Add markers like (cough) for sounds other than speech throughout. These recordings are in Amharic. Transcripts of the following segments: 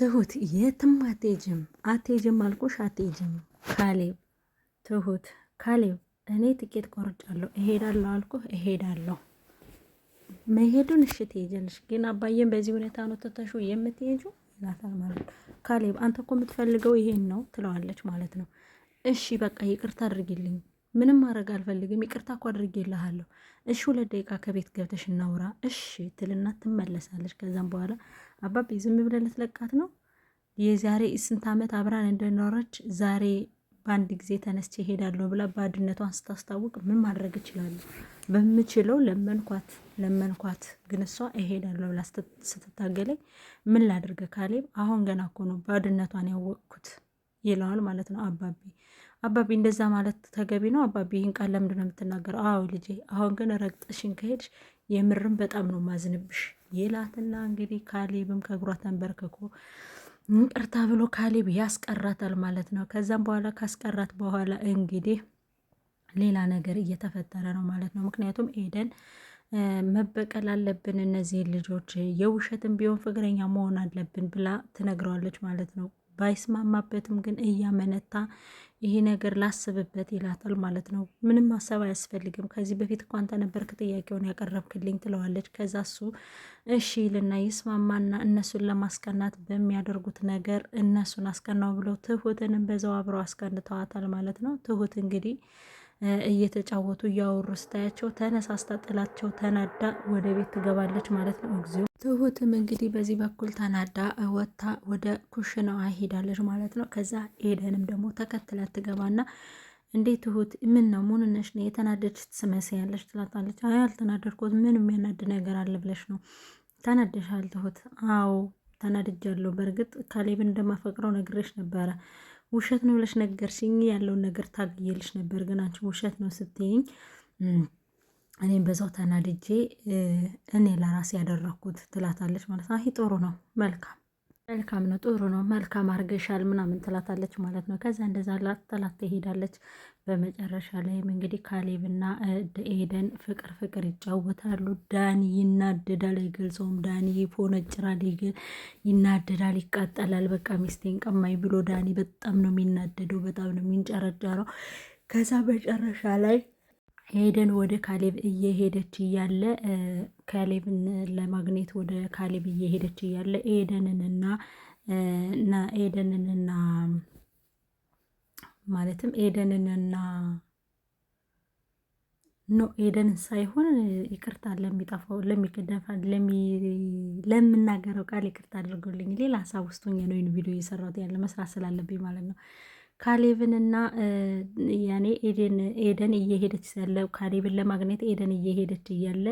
ትሁት የትም አትሄጂም አትሄጂም አልኩሽ አትሄጂም ካሌብ ትሁት ካሌብ እኔ ትኬት ቆርጫለሁ እሄዳለሁ አልኩህ እሄዳለሁ መሄዱን እሺ ትሄጃለሽ ግን አባዬን በዚህ ሁኔታ ነው ትተሽው የምትሄጂው ይላታል ማለት ካሌብ አንተ እኮ የምትፈልገው ይሄን ነው ትለዋለች ማለት ነው እሺ በቃ ይቅርታ አድርግልኝ ምንም ማድረግ አልፈልግም፣ ይቅርታ እኮ አድርጌልሃለሁ። እሺ ሁለት ደቂቃ ከቤት ገብተሽ እናውራ እሺ ትልና ትመለሳለች። ከዛም በኋላ አባቤ ዝም ብለህ ልትለቃት ነው? የዛሬ ስንት ዓመት አብራን እንደኖረች ዛሬ በአንድ ጊዜ ተነስቼ እሄዳለሁ ብላ ባዕድነቷን ስታስታውቅ ምን ማድረግ እችላለሁ? በምችለው ለመንኳት ለመንኳት፣ ግን እሷ እሄዳለሁ ብላ ስትታገለኝ ምን ላድርግ? ካሌብ አሁን ገና እኮ ነው ባዕድነቷን ያወቅኩት ይለዋል ማለት ነው አባቤ አባቢ እንደዛ ማለት ተገቢ ነው? አባቢ ይህን ቃል ለምንድ ነው የምትናገረው? አዎ ልጄ፣ አሁን ግን ረግጠሽን ከሄድሽ የምርም በጣም ነው ማዝንብሽ ይላትና እንግዲህ ካሌብም ከእግሯ ተንበርክኮ ይቅርታ ብሎ ካሌብ ያስቀራታል ማለት ነው። ከዛም በኋላ ካስቀራት በኋላ እንግዲህ ሌላ ነገር እየተፈጠረ ነው ማለት ነው። ምክንያቱም ኤደን መበቀል አለብን እነዚህ ልጆች የውሸትን ቢሆን ፍቅረኛ መሆን አለብን ብላ ትነግረዋለች ማለት ነው። ባይስማማበትም ግን እያመነታ ይሄ ነገር ላስብበት ይላታል ማለት ነው። ምንም ማሰብ አያስፈልግም። ከዚህ በፊት እኮ አንተ ነበርክ ጥያቄውን ያቀረብክልኝ ትለዋለች። ከዛ እሱ እሺ ይልና ይስማማና እነሱን ለማስቀናት በሚያደርጉት ነገር እነሱን አስቀናው ብለው ትሁትንም በዛው አብረው አስቀንተዋታል ማለት ነው። ትሁት እንግዲህ እየተጫወቱ እያወሩ ስታያቸው ተነሳስታ ጥላቸው ተናዳ ወደ ቤት ትገባለች ማለት ነው። እግዚኦ ትሁትም እንግዲህ በዚህ በኩል ተናዳ ወታ ወደ ኩሽናዋ ሄዳለች ማለት ነው። ከዛ ኤደንም ደግሞ ተከትላት ትገባና እንዴት ትሁት ምን ነው ምን ነሽ ነው የተናደድሽ ትመስያለሽ ትላታለች። አይ አልተናደድኩት፣ ምን የሚያናድ ነገር አለ ብለሽ ነው ተናደሻል ትሁት? አዎ ተናድጃለሁ። በእርግጥ ካሌብን እንደማፈቅረው ነግሬሽ ነበረ ውሸት ነው ብለሽ ነገርሽኝ፣ ያለውን ነገር ታግየልሽ ነበር፣ ግን አንቺ ውሸት ነው ስትይኝ እኔም በዛው ተናድጄ እኔ ለራሴ ያደረግኩት ትላታለች ማለት ነው። ይህ ጥሩ ነው፣ መልካም መልካም ነው፣ ጥሩ ነው፣ መልካም አርገሻል ምናምን ትላታለች ማለት ነው። ከዛ እንደዛ ጥላት ትሄዳለች። በመጨረሻ ላይም እንግዲህ ካሌብና ኤደን ፍቅር ፍቅር ይጫወታሉ። ዳኒ ይናደዳል፣ አይገልጸውም። ዳኒ ይፎነጭራል፣ ይናደዳል፣ ይቃጠላል። በቃ ሚስቴን ቀማኝ ብሎ ዳኒ በጣም ነው የሚናደደው፣ በጣም ነው የሚንጨረጨረው። ከዛ መጨረሻ ላይ ሄደን ወደ ካሌብ እየሄደች እያለ ካሌብን ለማግኘት ወደ ካሌብ እየሄደች እያለ ኤደንንና እና ኤደንንና ማለትም ኤደንንና ኖ ኤደንን ሳይሆን ይቅርታ ለሚጠፋው ለሚቀደፋ ለምናገረው ቃል ይቅርታ አድርጎልኝ ሌላ ሀሳብ ውስጥ ሆኜ ነው ቪዲዮ እየሰራሁት ያለ መስራት ስላለብኝ ማለት ነው። ካሌብንና ያኔ ኤደን እየሄደች ሳለ ካሌብን ለማግኘት ኤደን እየሄደች እያለ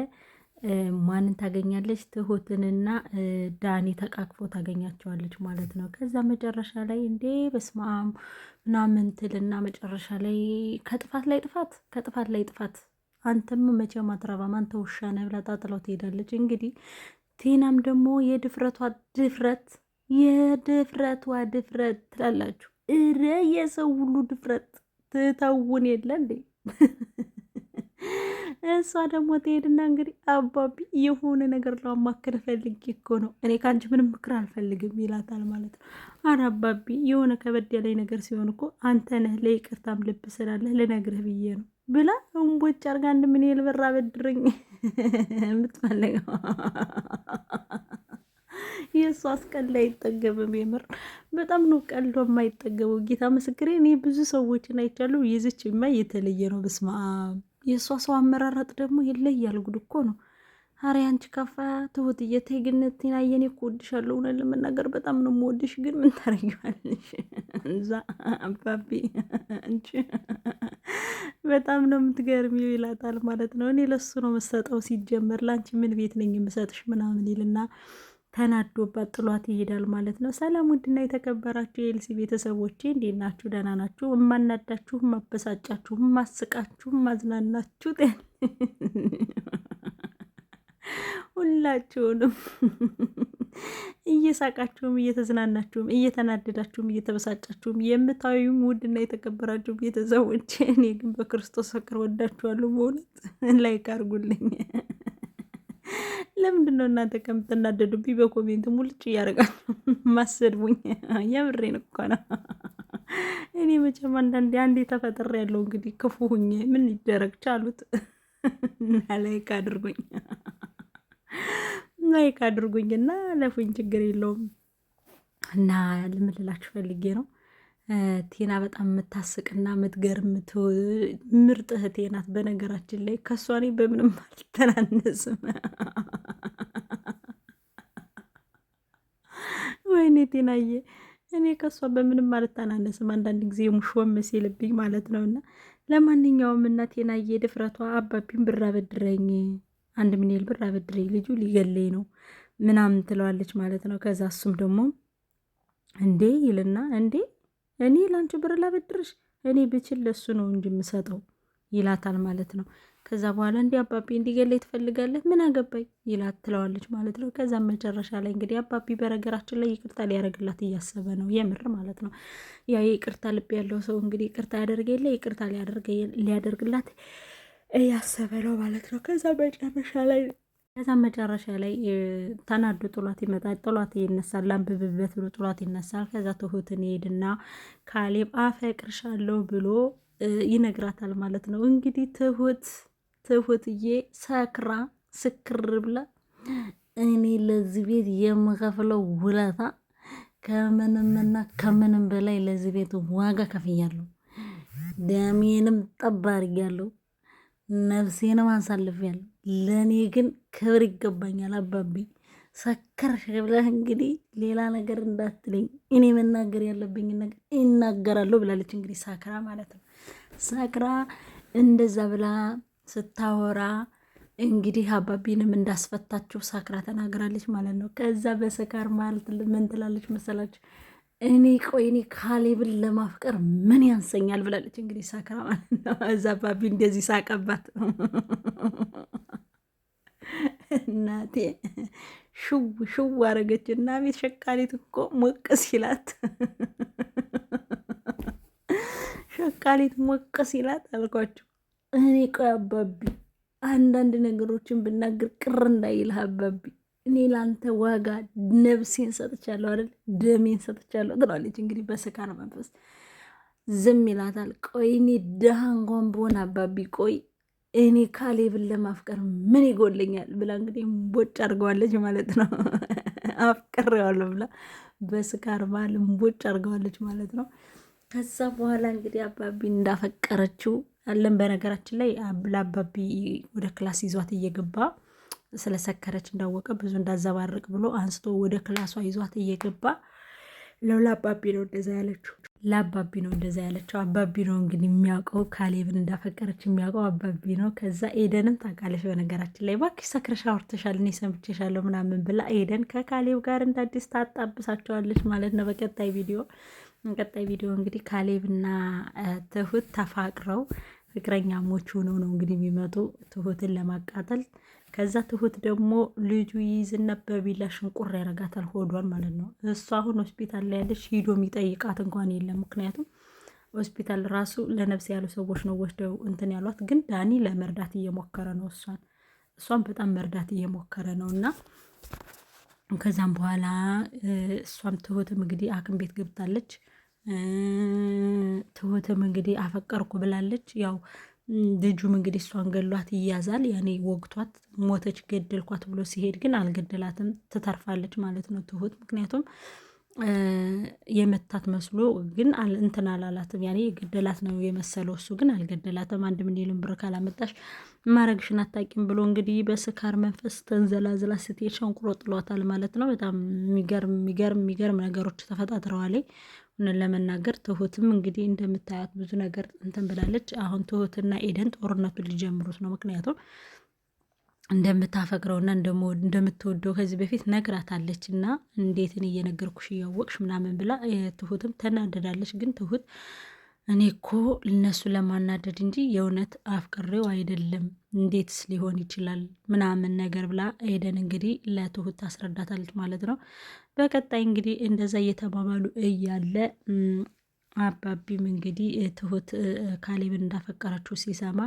ማንን ታገኛለች? ትሁትንና ዳኒ ተቃቅፎ ታገኛቸዋለች ማለት ነው። ከዛ መጨረሻ ላይ እንዴ በስማም ምናምን ትልና መጨረሻ ላይ ከጥፋት ላይ ጥፋት ከጥፋት ላይ ጥፋት አንተም መቼም አትረባም አንተ ውሻ ነህ ብላ ጣጥለው ትሄዳለች። እንግዲህ ቴናም ደግሞ የድፍረቷ ድፍረት የድፍረቷ ድፍረት ትላላችሁ እረ የሰው ሁሉ ድፍረት ትተውን የለ እንዴ? እሷ ደግሞ ትሄድና እንግዲህ አባቢ የሆነ ነገር ለማማከር ፈልጌ እኮ ነው እኔ ከአንቺ ምንም ምክር አልፈልግም ይላታል ማለት ነው። አረ አባቢ የሆነ ከበድ ያለኝ ነገር ሲሆን እኮ አንተ ነህ ለይቅርታም ልብ ስላለህ ልነግርህ ብዬ ነው ብላ እምቦጭ አርጋ አንድ ምን ልበራ በድርኝ የምትፈልገው የእሷስ ቀልድ አይጠገብም። የምር በጣም ነው ቀልዶ የማይጠገበው። ጌታ ምስክሬ፣ እኔ ብዙ ሰዎችን አይቻለሁ። ማ የተለየ ነው። በስማ የእሷ ሰው አመራረጥ ደግሞ ይለያል። ጉድ እኮ ነው። ኧረ አንቺ ካፋ ትሁት እየተይ ግን እየተግነት የኔ እኮ ወድሻለሁ። እውነት ለመናገር በጣም ነው የምወድሽ፣ ግን ምን ታረጊዋለሽ? እዛ አባቢ አንቺ በጣም ነው የምትገርሚው ይላታል ማለት ነው። እኔ ለሱ ነው የምሰጠው ሲጀመር፣ ለአንቺ ምን ቤት ነኝ የምሰጥሽ ምናምን ይልና ተናዶባት ጥሏት ይሄዳል ማለት ነው። ሰላም ውድና የተከበራችሁ የኤልሲ ቤተሰቦቼ እንዴት ናችሁ? ደህና ናችሁ? እማናዳችሁ፣ ማበሳጫችሁ፣ ማስቃችሁ፣ ማዝናናችሁ ሁላችሁንም እየሳቃችሁም እየተዝናናችሁም እየተናደዳችሁም እየተበሳጫችሁም የምታዩም ውድና የተከበራችሁ ቤተሰቦች፣ እኔ ግን በክርስቶስ ፍቅር ወዳችኋለሁ። በእውነት ላይክ አድርጉልኝ። ለምንድን ነው እናንተ ከምትናደዱብኝ በኮሜንት ሙልጭ እያደረጋችሁ ማሰድቡኝ? የምሬን እኮ ነው። እኔ መቼም አንዳንዴ አንዴ ተፈጥሬ ያለው እንግዲህ ክፉ ሁኜ ምን ይደረግ ቻሉት። እና ላይክ አድርጉኝ፣ ላይክ አድርጉኝ እና ለፉኝ፣ ችግር የለውም እና ልምልላችሁ ፈልጌ ነው ቴና በጣም የምታስቅና የምትገርም ምርጥ እህቴ ናት። በነገራችን ላይ ከእሷ እኔ በምንም አልተናነስም። (laughs) ወይኔ ቴናዬ፣ እኔ ከእሷ በምንም አልተናነስም። አንዳንድ ጊዜ ሙሾም ሲልብኝ ማለት እና ለማንኛውም እና ቴናዬ ድፍረቷ አባቢን ብር አበድረኝ፣ አንድ ምንል ብር አበድረኝ፣ ልጁ ሊገለኝ ነው ምናምን ትለዋለች ማለት ነው። ከዛ እሱም ደግሞ እንዴ ይልና እንዴ እኔ ላንቺ ብር ላበድርሽ እኔ ብችል ለሱ ነው እንጂ የምሰጠው ይላታል ማለት ነው። ከዛ በኋላ እንዲህ አባቢ እንዲገለይ ትፈልጋለህ ምን አገባኝ ይላት ትለዋለች ማለት ነው። ከዛ መጨረሻ ላይ እንግዲህ አባቢ በነገራችን ላይ ይቅርታ ሊያደርግላት እያሰበ ነው የምር ማለት ነው። ያ ይቅርታ ልብ ያለው ሰው እንግዲህ ይቅርታ ያደርግ የለ ይቅርታ ሊያደርግላት እያሰበ ነው ማለት ነው። ከዛ መጨረሻ ላይ ከዛ መጨረሻ ላይ ተናዶ ጥሏት ይመጣል። ጥሏት ይነሳል። ላንብብበት ብሎ ጥሏት ይነሳል። ከዛ ትሁትን ይሄድና ካሌብ አፈቅርሻለሁ ብሎ ይነግራታል ማለት ነው። እንግዲህ ትሁት ትሁትዬ ሰክራ ስክር ብላ እኔ ለዚህ ቤት የምከፍለው ውለታ ከምንምና ከምንም በላይ ለዚህ ቤት ዋጋ ከፍያለሁ። ደሜንም ጠብ አድርጊያለሁ። ነፍሴንም አንሳልፊያለሁ ለእኔ ግን ክብር ይገባኛል። አባቢ ሰከር ብለህ እንግዲህ ሌላ ነገር እንዳትለኝ፣ እኔ መናገር ያለብኝ ነገር ይናገራለሁ ብላለች። እንግዲህ ሳክራ ማለት ነው። ሳክራ እንደዛ ብላ ስታወራ እንግዲህ አባቢንም እንዳስፈታችሁ ሳክራ ተናግራለች ማለት ነው። ከዛ በሰካር ማለት ምን ትላለች መሰላችሁ? እኔ ቆይ እኔ ካሌብን ለማፍቀር ምን ያንሰኛል ብላለች። እንግዲህ ሳክራ ማለት ነው። እዛ አባቢ እንደዚህ ሳቀባት። እናቴ ሽው ሽው አረገች እና ቤት ሸቃሊት እኮ ሞቅ ሲላት ሸቃሊት ሞቅ ሲላት አልኳቸው። እኔ ቆይ አባቢ አንዳንድ ነገሮችን ብናገር ቅር እንዳይልህ አባቢ እኔ ለአንተ ዋጋ ነብሴን ሰጥቻለሁ አይደል ደሜን ሰጥቻለሁ ትላለች። እንግዲህ በስካር መንፈስ ዝም ይላታል። ቆይ እኔ ድሃ እንኳን ብሆን አባቢ ቆይ እኔ ካሌብን ለማፍቀር ምን ይጎልኛል ብላ እንግዲህ ቦጭ አድርገዋለች ማለት ነው። አፍቅሬዋለሁ ብላ በስካር ባል ቦጭ አድርገዋለች ማለት ነው። ከዛ በኋላ እንግዲህ አባቢ እንዳፈቀረችው አለን። በነገራችን ላይ ለአባቢ ወደ ክላስ ይዟት እየገባ ስለሰከረች እንዳወቀ ብዙ እንዳዘባርቅ ብሎ አንስቶ ወደ ክላሷ ይዟት እየገባ ለው ለአባቢ ነው እንደዛ ያለችው ለአባቢ ነው እንደዛ ያለችው። አባቢ ነው እንግዲህ የሚያውቀው ካሌብን እንዳፈቀረች የሚያውቀው አባቢ ነው። ከዛ ኤደንም ታውቃለች። በነገራችን ላይ እባክሽ ሰክረሽ አውርተሻል፣ እኔ ሰምቼሻለሁ ምናምን ብላ ኤደን ከካሌብ ጋር እንዳዲስ ታጣብሳቸዋለች ማለት ነው በቀጣይ ቪዲዮ። በቀጣይ ቪዲዮ እንግዲህ ካሌብና ትሁት ተፋቅረው ፍቅረኛሞች ሆነው ነው እንግዲህ የሚመጡ ትሁትን ለማቃጠል። ከዛ ትሁት ደግሞ ልጁ ይይዝና በቢላ ሽንቁር ያረጋታል ሆዷን ማለት ነው። እሱ አሁን ሆስፒታል ላይ ያለች ሂዶ የሚጠይቃት እንኳን የለም። ምክንያቱም ሆስፒታል ራሱ ለነፍስ ያሉ ሰዎች ነው ወስደው እንትን ያሏት። ግን ዳኒ ለመርዳት እየሞከረ ነው እሷን እሷን በጣም መርዳት እየሞከረ ነው እና ከዛም በኋላ እሷም ትሁትም እንግዲህ አክም ቤት ገብታለች። ትሁትም እንግዲህ አፈቀርኩ ብላለች። ያው ልጁም እንግዲህ እሷን ገሏት ይያዛል። ያኔ ወግቷት ሞተች ገደልኳት ብሎ ሲሄድ ግን አልገደላትም፣ ትተርፋለች ማለት ነው ትሁት ምክንያቱም የመታት መስሎ ግን እንትን አላላትም። ያኔ የገደላት ነው የመሰለው እሱ ግን አልገደላትም። አንድ ሚሊዮን ብር ካላመጣሽ ማረግሽን አታቂም ብሎ እንግዲህ በስካር መንፈስ ተንዘላዝላ ስትሄድ ሸንቁሮ ጥሏታል ማለት ነው። በጣም የሚገርም የሚገርም የሚገርም ነገሮች ተፈጣጥረዋል። እውነት ለመናገር ትሁትም እንግዲህ እንደምታያት ብዙ ነገር እንትን ብላለች። አሁን ትሁትና ኤደን ጦርነቱን ሊጀምሩት ነው። ምክንያቱም እንደምታፈቅረውና እንደምትወደው ከዚህ በፊት ነግራታለች እና እንዴትን እየነገርኩሽ እያወቅሽ ምናምን ብላ ትሁትም ተናደዳለች። ግን ትሁት እኔ እኮ እነሱ ለማናደድ እንጂ የእውነት አፍቅሬው አይደለም፣ እንዴትስ ሊሆን ይችላል ምናምን ነገር ብላ ኤደን እንግዲህ ለትሁት ታስረዳታለች ማለት ነው። በቀጣይ እንግዲህ እንደዛ እየተባባሉ እያለ አባቢም እንግዲህ ትሁት ካሌብን እንዳፈቀረችው ሲሰማ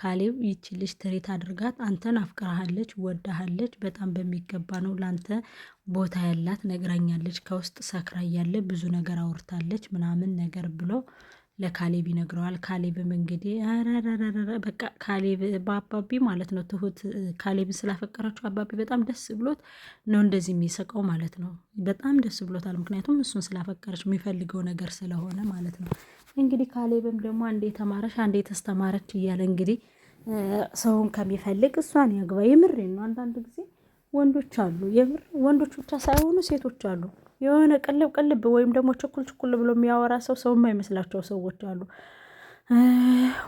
ካሌብ ይቺ ልጅ ትሬት አድርጋት፣ አንተን አፍቅራሃለች፣ ወዳሃለች፣ በጣም በሚገባ ነው ለአንተ ቦታ ያላት ነግራኛለች፣ ከውስጥ ሰክራ እያለ ብዙ ነገር አውርታለች ምናምን ነገር ብሎ ለካሌብ ይነግረዋል። ካሌብም እንግዲህ በቃ ካሌብ በአባቢ ማለት ነው ትሁት ካሌብን ስላፈቀረችው አባቢ በጣም ደስ ብሎት ነው እንደዚህ የሚሰቀው ማለት ነው። በጣም ደስ ብሎታል። ምክንያቱም እሱን ስላፈቀረች የሚፈልገው ነገር ስለሆነ ማለት ነው። እንግዲህ ካሌብም ደግሞ አንዴ ተማረች አንዴ ተስተማረች እያለ እንግዲህ ሰውን ከሚፈልግ እሷን ያግባ። የምሬ ነው። አንዳንድ ጊዜ ወንዶች አሉ የምር ወንዶች ብቻ ሳይሆኑ ሴቶች አሉ የሆነ ቅልብ ቅልብ ወይም ደግሞ ችኩል ችኩል ብሎ የሚያወራ ሰው ሰው የማይመስላቸው ሰዎች አሉ።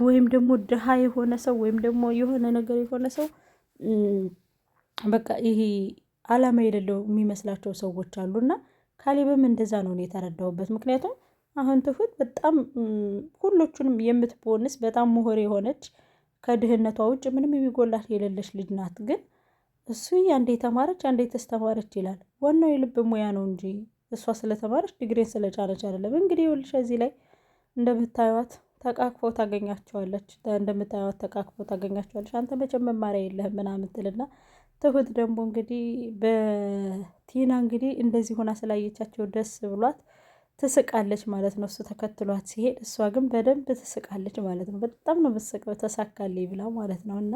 ወይም ደግሞ ድሃ የሆነ ሰው ወይም ደግሞ የሆነ ነገር የሆነ ሰው በቃ ይሄ አላማ የሌለው የሚመስላቸው ሰዎች እና ካሌብም እንደዛ ነው እኔ የተረዳሁበት። ምክንያቱም አሁን ትሁት በጣም ሁሎቹንም የምትቦንስ በጣም ምሁር የሆነች ከድህነቷ ውጭ ምንም የሚጎላት የሌለች ልጅ ናት ግን እሱ አንዴ ተማረች አንዴ ተስተማረች ይላል። ዋናው የልብ ሙያ ነው እንጂ እሷ ስለተማረች ዲግሪን ስለጫረች አይደለም። እንግዲህ ይኸውልሽ እዚህ ላይ እንደምታዩት ተቃቅፈው ታገኛቸዋለች። እንደምታዩት ተቃክፎ ታገኛቸዋለች። አንተ መቼም መማሪያ የለህም ምናምን ትልና ትሁት ደግሞ እንግዲህ በቲና እንግዲህ እንደዚህ ሆና ስላየቻቸው ደስ ብሏት ትስቃለች ማለት ነው። እሱ ተከትሏት ሲሄድ እሷ ግን በደንብ ትስቃለች ማለት ነው። በጣም ነው የምትስቀው ተሳካልኝ ብላ ማለት ነው እና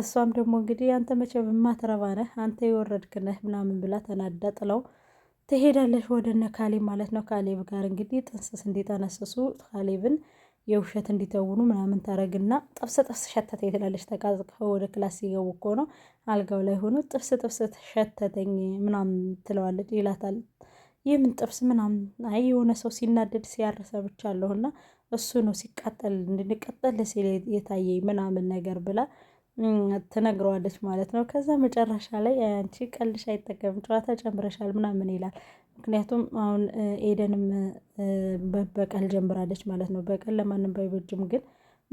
እሷም ደግሞ እንግዲህ አንተ መቼ በማትረባ ነህ አንተ የወረድክ ነህ ምናምን ብላ ተናዳ ጥለው ትሄዳለች ወደ ካሌብ ማለት ነው። ካሌብ ጋር እንግዲህ ጥንስስ እንዲጠነስሱ ካሌብን የውሸት እንዲተውኑ ምናምን ታረግና ጥፍስ ጥፍስ ሸተተ ትላለች። ተቃዝቀው ወደ ክላስ ሲገቡ እኮ ነው አልጋው ላይ ሆኖ ጥፍስ ጥፍስ ሸተተኝ ምናምን ትለዋለች ይላታል። ይህ ምን ጥብስ ምናምን? አይ የሆነ ሰው ሲናደድ ሲያረሰ ብቻ አለሁና እሱ ነው ሲቃጠል እንድንቀጠል ሲል የታየኝ ምናምን ነገር ብላ ትነግረዋለች ማለት ነው። ከዛ መጨረሻ ላይ አንቺ ቀልሽ አይጠቀም ጨዋታ ጨምረሻል ምናምን ይላል። ምክንያቱም አሁን ኤደንም መበቀል ጀምራለች ማለት ነው። በቀል ለማንም ባይበጅም ግን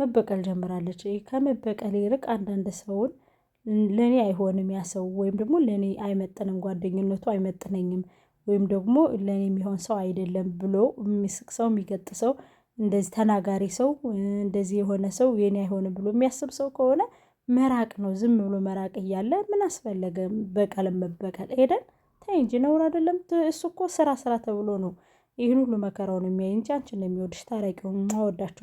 መበቀል ጀምራለች። ከመበቀል ይልቅ አንዳንድ ሰውን ለእኔ አይሆንም ያ ሰው ወይም ደግሞ ለእኔ አይመጥንም፣ ጓደኝነቱ አይመጥነኝም ወይም ደግሞ ለእኔ የሚሆን ሰው አይደለም ብሎ የሚስቅ ሰው የሚገጥ ሰው እንደዚህ ተናጋሪ ሰው እንደዚህ የሆነ ሰው የኔ አይሆንም ብሎ የሚያስብ ሰው ከሆነ መራቅ ነው። ዝም ብሎ መራቅ እያለ ምን አስፈለገ በቀለም መበቀል? ሄደን ተይ እንጂ ነውር አይደለም። እሱ እኮ ስራ ስራ ተብሎ ነው ይህን ሁሉ መከራውን የሚያይ እንጂ አንቺን የሚወድሽ። ታረቂውን ማወዳቸው